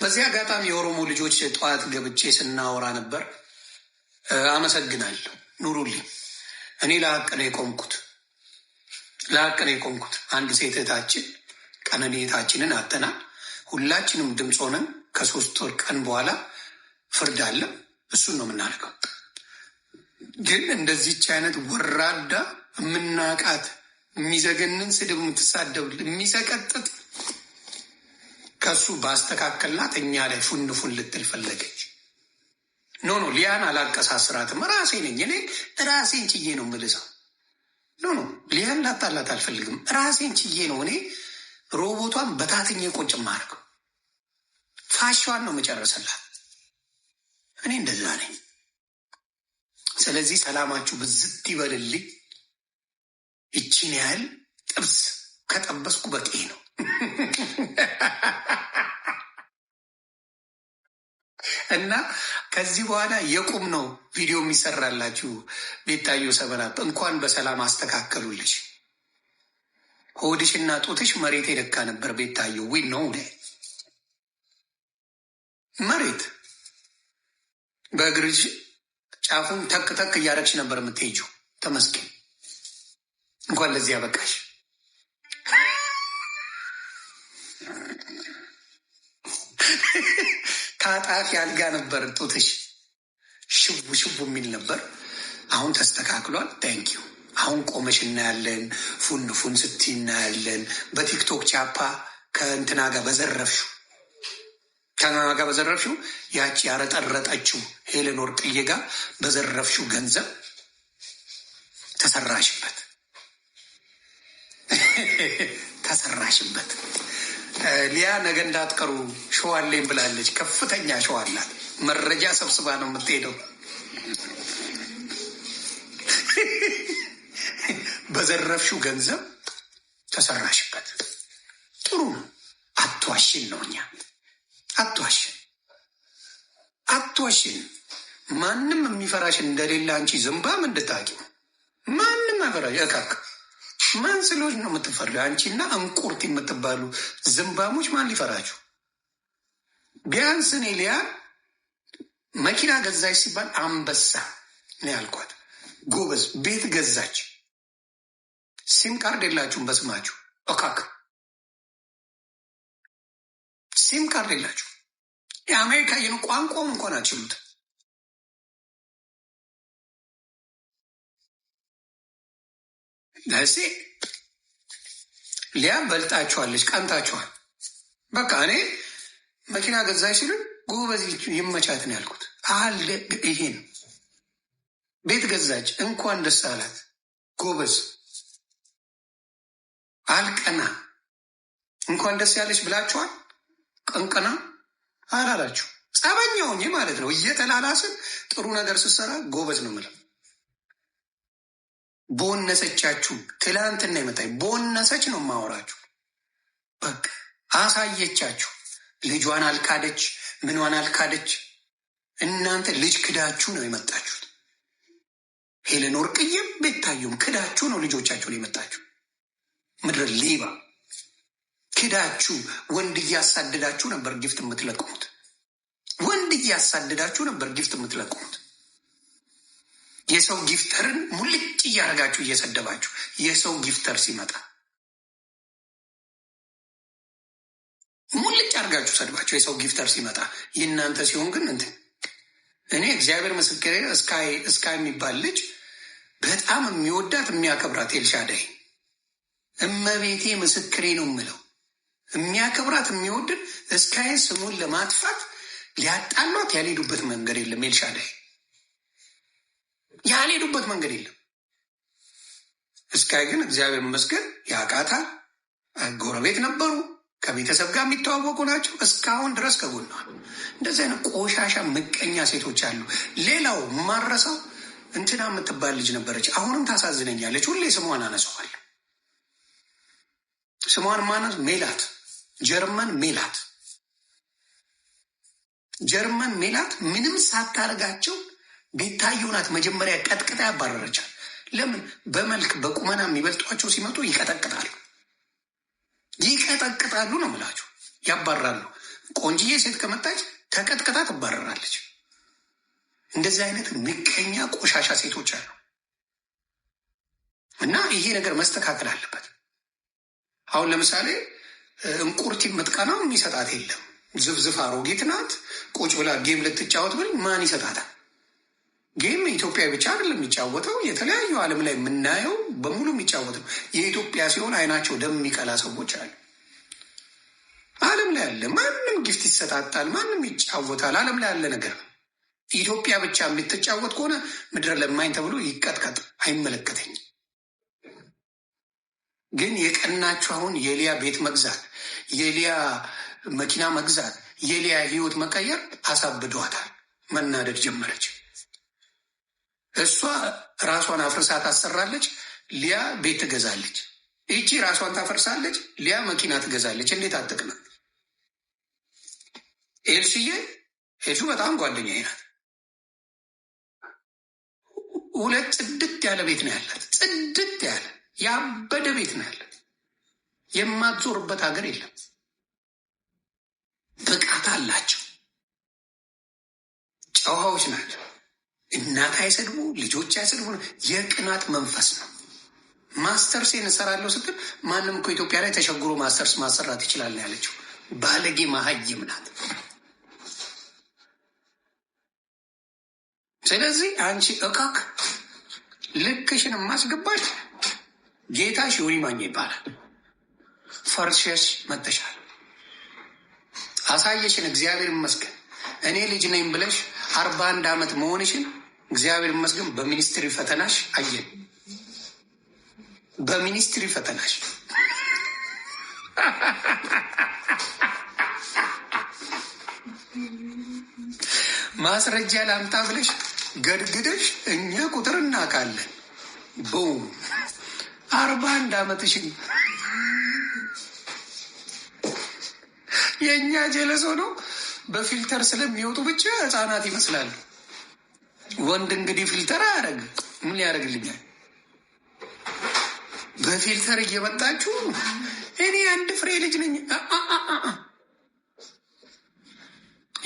በዚህ አጋጣሚ የኦሮሞ ልጆች ጠዋት ገብቼ ስናወራ ነበር። አመሰግናለሁ። ኑሩልኝ። እኔ ለሀቅ ነው የቆምኩት፣ ለሀቅ ነው የቆምኩት። አንድ ሴት ቀነኔታችንን ቀነኔ አተናል። ሁላችንም ድምፅ ሆነን ከሶስት ወር ቀን በኋላ ፍርድ አለ። እሱን ነው የምናደርገው። ግን እንደዚች አይነት ወራዳ የምናቃት የሚዘገንን ስድብ የምትሳደብ የሚሰቀጥጥ ከሱ ባስተካከልናት እኛ ላይ ፉን ፉን ልትል ፈለገች። ኖ ኖ ሊያን አላንቀሳስራትም፣ ራሴ ነኝ እኔ ራሴን ችዬ ነው የምልሰው። ኖ ኖ ሊያን ላጣላት አልፈልግም፣ ራሴን ችዬ ነው እኔ ሮቦቷን በታትኜ ቁጭ ማድረግ ፋሽዋን ነው መጨረሰላት። እኔ እንደዛ ነኝ። ስለዚህ ሰላማችሁ ብዝት ይበልልኝ። ይችን ያህል ጥብስ ከጠበስኩ በቂ ነው። እና ከዚህ በኋላ የቁም ነው ቪዲዮ የሚሰራላችሁ። ቤታዮ ሰበናት እንኳን በሰላም አስተካከሉልሽ። ሆድሽና ጡትሽ መሬት የደካ ነበር። ቤታዮ ዊን ነው ወደ መሬት በእግርሽ ጫፉን ተክ ተክ እያደረግሽ ነበር የምትሄጂው። ተመስገን፣ እንኳን ለዚህ ያበቃሽ። ታጣፊ አልጋ ነበር ጡትሽ ሽቡ ሽቡ የሚል ነበር። አሁን ተስተካክሏል። ታንክ ዩ። አሁን ቆመሽ እናያለን። ፉን ፉን ስቲ እናያለን። በቲክቶክ ቻፓ ከእንትና ጋር በዘረፍሹ ከእንትና ጋር በዘረፍሹ ያቺ ያረጠረጠችው ሄለን ወርቅዬ ጋር በዘረፍሹ ገንዘብ ተሰራሽበት ተሰራሽበት። ሊያ ነገ እንዳትቀሩ ሸዋሌን ብላለች። ከፍተኛ ሸዋላት መረጃ ሰብስባ ነው የምትሄደው። በዘረፍሽው ገንዘብ ተሰራሽበት። ጥሩ ነው። አትዋሽን ነው እኛ አትዋሽን፣ አትዋሽን። ማንም የሚፈራሽ እንደሌለ አንቺ ዝንባም እንድታቂ ማንም አይፈራሽ። እካክ ማን ስሎች ነው የምትፈሪ? አንቺና እንቁርት የምትባሉ ዝንባሞች ማን ሊፈራችሁ ቢያንስ እኔ ሊያ መኪና ገዛች ሲባል አንበሳ ነው ያልኳት። ጎበዝ ቤት ገዛች። ሲም ካርድ የላችሁም በስማችሁ እካክ ሲም ካርድ የላችሁ። የአሜሪካ ይህን ቋንቋም እንኳን አችሉት። ለሲ ሊያ በልጣችኋለች፣ ቀንታችኋል። በቃ እኔ መኪና ገዛች ሲሉን ጎበዝ ይመቻት ነው ያልኩት። አል ይሄ ነው። ቤት ገዛች እንኳን ደስ አላት ጎበዝ አልቀና እንኳን ደስ ያለች ብላችኋል። ቀንቀና አላላችሁ ጸበኛውኝ ማለት ነው። እየተላላስን ጥሩ ነገር ስትሰራ ጎበዝ ነው ምለው ቦነሰቻችሁ። ትላንትና ይመጣ ቦነሰች ነው ማወራችሁ። በቃ አሳየቻችሁ። ልጇን አልካደች፣ ምኗን አልካደች። እናንተ ልጅ ክዳችሁ ነው የመጣችሁት። ሄለን ወርቅዬም ቤታየሁም ክዳችሁ ነው ልጆቻችሁን የመጣችሁ። ምድረ ሌባ ክዳችሁ ወንድ እያሳደዳችሁ ነበር ጊፍት የምትለቅሙት። ወንድ እያሳደዳችሁ ነበር ጊፍት የምትለቅሙት። የሰው ጊፍተርን ሙልጭ እያደረጋችሁ እየሰደባችሁ የሰው ጊፍተር ሲመጣ አድርጋችሁ ሰድባቸው። የሰው ጊፍተር ሲመጣ እናንተ ሲሆን ግን እንትን እኔ እግዚአብሔር ምስክሬ እስካ የሚባል ልጅ በጣም የሚወዳት የሚያከብራት ኤልሻዳይ እመቤቴ ምስክሬ ነው የምለው የሚያከብራት የሚወድን እስካይ ስሙን ለማጥፋት ሊያጣሏት ያልሄዱበት መንገድ የለም። ኤልሻዳይ ያልሄዱበት መንገድ የለም። እስካይ ግን እግዚአብሔር ይመስገን ያቃታ ጎረቤት ነበሩ። ከቤተሰብ ጋር የሚተዋወቁ ናቸው። እስካሁን ድረስ ከጎናዋል። እንደዚህ አይነት ቆሻሻ ምቀኛ ሴቶች አሉ። ሌላው ማረሳው እንትና የምትባል ልጅ ነበረች። አሁንም ታሳዝነኛለች። ሁሌ ስሟን አነሰዋል። ስሟን ማነስ ሜላት፣ ጀርመን ሜላት፣ ጀርመን ሜላት ምንም ሳታደርጋቸው ቤታዮ ናት መጀመሪያ ቀጥቅጣ ያባረረቻል። ለምን በመልክ በቁመና የሚበልጧቸው ሲመጡ ይቀጠቅጣሉ። ይቀጠቅጣሉ ነው ምላችሁ፣ ያባራሉ። ቆንጅዬ ሴት ከመጣች ተቀጥቅጣ ትባረራለች። እንደዚህ አይነት ምቀኛ ቆሻሻ ሴቶች አሉ እና ይሄ ነገር መስተካከል አለበት። አሁን ለምሳሌ እንቁርቲ የምትቀናው የሚሰጣት የለም። ዝፍዝፍ አሮጌት ናት። ቁጭ ብላ ጌም ልትጫወት ብል ማን ይሰጣታል? ጌም ኢትዮጵያ ብቻ አይደለም የሚጫወተው፣ የተለያዩ ዓለም ላይ የምናየው በሙሉ የሚጫወተው የኢትዮጵያ ሲሆን አይናቸው ደም የሚቀላ ሰዎች አሉ። ዓለም ላይ አለ። ማንም ጊፍት ይሰጣጣል፣ ማንም ይጫወታል። ዓለም ላይ ያለ ነገር ኢትዮጵያ ብቻ የምትጫወት ከሆነ ምድረ ለማኝ ተብሎ ይቀጥቀጥ፣ አይመለከተኝም። ግን የቀናችሁ አሁን የሊያ ቤት መግዛት፣ የሊያ መኪና መግዛት፣ የሊያ ህይወት መቀየር አሳብዷታል። መናደድ ጀመረች። እሷ ራሷን አፍርሳ ታሰራለች፣ ሊያ ቤት ትገዛለች። ይቺ ራሷን ታፈርሳለች፣ ሊያ መኪና ትገዛለች። እንዴት አጠቅናት? ኤልስዬ ሄጁ በጣም ጓደኛ ናት። ሁለት ጽድት ያለ ቤት ነው ያላት። ጽድት ያለ ያበደ ቤት ነው ያላት። የማትዞርበት ሀገር የለም። ብቃት አላቸው። ጨዋዎች ናቸው። እናት አይሰድቡ፣ ልጆች አይሰድቡ። የቅናት መንፈስ ነው። ማስተርስ እንሰራለሁ ስትል ማንም እኮ ኢትዮጵያ ላይ ተቸግሮ ማስተርስ ማሰራት ይችላል ያለችው ባለጌ መሀይም ናት። ስለዚህ አንቺ እካክ ልክሽን ማስገባሽ ጌታሽ ዮኒ ማኛ ይባላል። ፈርሸሽ መተሻል አሳየሽን። እግዚአብሔር ይመስገን እኔ ልጅ ነኝ ብለሽ አርባ አንድ ዓመት መሆንሽን እግዚአብሔር ይመስገን በሚኒስትሪ ፈተናሽ አየን። በሚኒስትሪ ፈተናሽ ማስረጃ ላምጣ ብለሽ ገድግደሽ እኛ ቁጥር እናውቃለን። በውም አርባ አንድ ዓመትሽን የእኛ ጀለሶ ነው። በፊልተር ስለሚወጡ ብቻ ህፃናት ይመስላሉ። ወንድ እንግዲህ ፊልተር አያደርግ ምን ያደርግልኛል? በፊልተር እየመጣችሁ እኔ አንድ ፍሬ ልጅ ነኝ።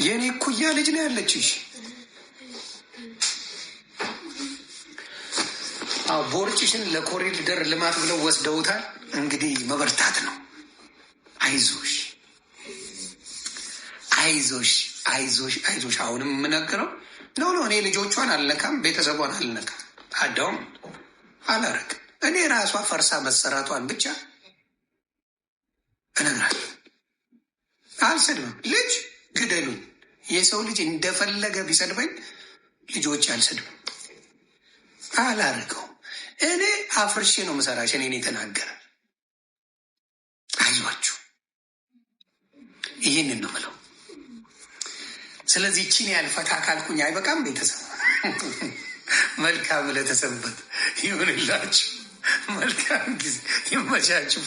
የእኔ እኩያ ልጅ ነው ያለችሽ። ቦርጭሽን ለኮሪደር ልማት ብለው ወስደውታል። እንግዲህ መበርታት ነው። አይዞሽ፣ አይዞሽ፣ አይዞሽ፣ አይዞሽ። አሁንም የምነግረው ነው ነው እኔ ልጆቿን አልነካም፣ ቤተሰቧን አልነካም፣ አዳውም አላረግ እኔ ራሷ ፈርሳ መሰራቷን ብቻ እነግራለሁ። አልሰድብም። ልጅ ግደሉኝ። የሰው ልጅ እንደፈለገ ቢሰድበኝ ልጆች አልሰድብም፣ አላርገው። እኔ አፍርሼ ነው መሰራሽ። እኔን የተናገረ አይዟችሁ፣ ይህንን ነው ምለው ስለዚህ ቺን ያልፈታ ካልኩኝ አይበቃም። ቤተሰብ መልካም ለተሰንበት ይሁንላችሁ። መልካም ጊዜ ይመቻችሁ።